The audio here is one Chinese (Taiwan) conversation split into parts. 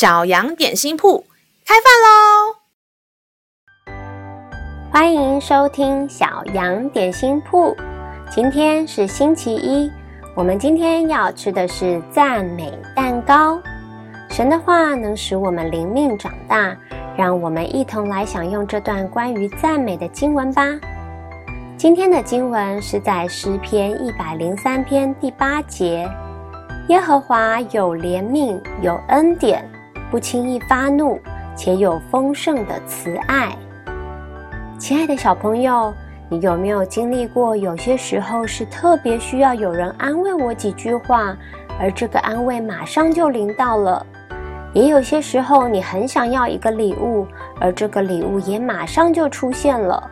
小羊點心鋪開飯嘍！歡迎收聽小羊點心鋪。今天是星期一，我們今天要吃的是讚美蛋糕。神的話能使我們靈命長大，讓我們一同來享用這段關於讚美的經文吧。今天的經文是在詩篇一百零三篇第八節：“耶和華有憐憫，有恩典。”不輕易發怒，且有豐盛的慈愛。親愛的小朋友，你有沒有經歷過？有些時候是特別需要有人安慰我幾句話，而這個安慰馬上就臨到了；也有些時候你很想要一個禮物，而這個禮物也馬上就出現了。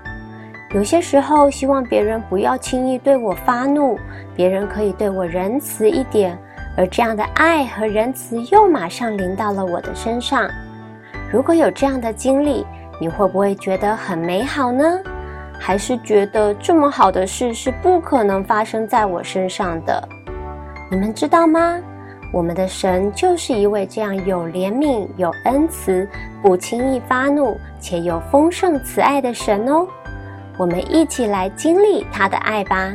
有些時候希望別人不要輕易對我發怒，別人可以對我仁慈一點。而這樣的愛和仁慈又馬上臨到了我的身上。如果有這樣的經歷，你會不會覺得很美好呢？還是覺得這麼好的事是不可能發生在我身上的？你們知道嗎？我們的神就是一位這樣有憐憫、有恩慈、不輕易發怒，且有豐盛慈愛的神哦。我們一起來經歷他的愛吧。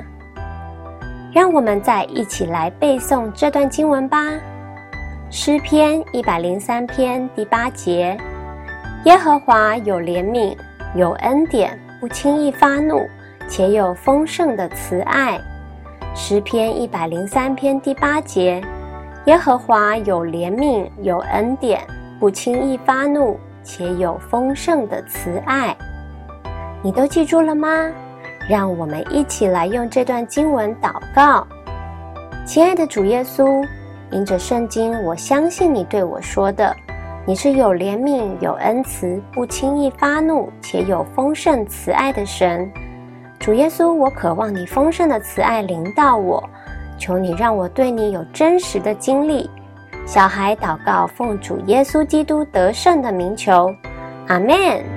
讓我們再一起來背誦這段經文吧，《詩篇一百零三篇第八節》：耶和華有憐憫，有恩典，不輕易發怒，且有豐盛的慈愛。《詩篇一百零三篇第八節》：耶和華有憐憫，有恩典，不輕易發怒，且有豐盛的慈愛。你都記住了嗎？讓我們一起來用這段經文禱告。親愛的主耶穌，因着聖經，我相信你對我說的，你是有憐憫、有恩慈、不輕易發怒且有豐盛慈愛的神。主耶穌，我渴望你豐盛的慈愛臨到我，求你讓我對你有真實的經歷。小孩禱告，奉主耶穌基督得勝的名求，阿門。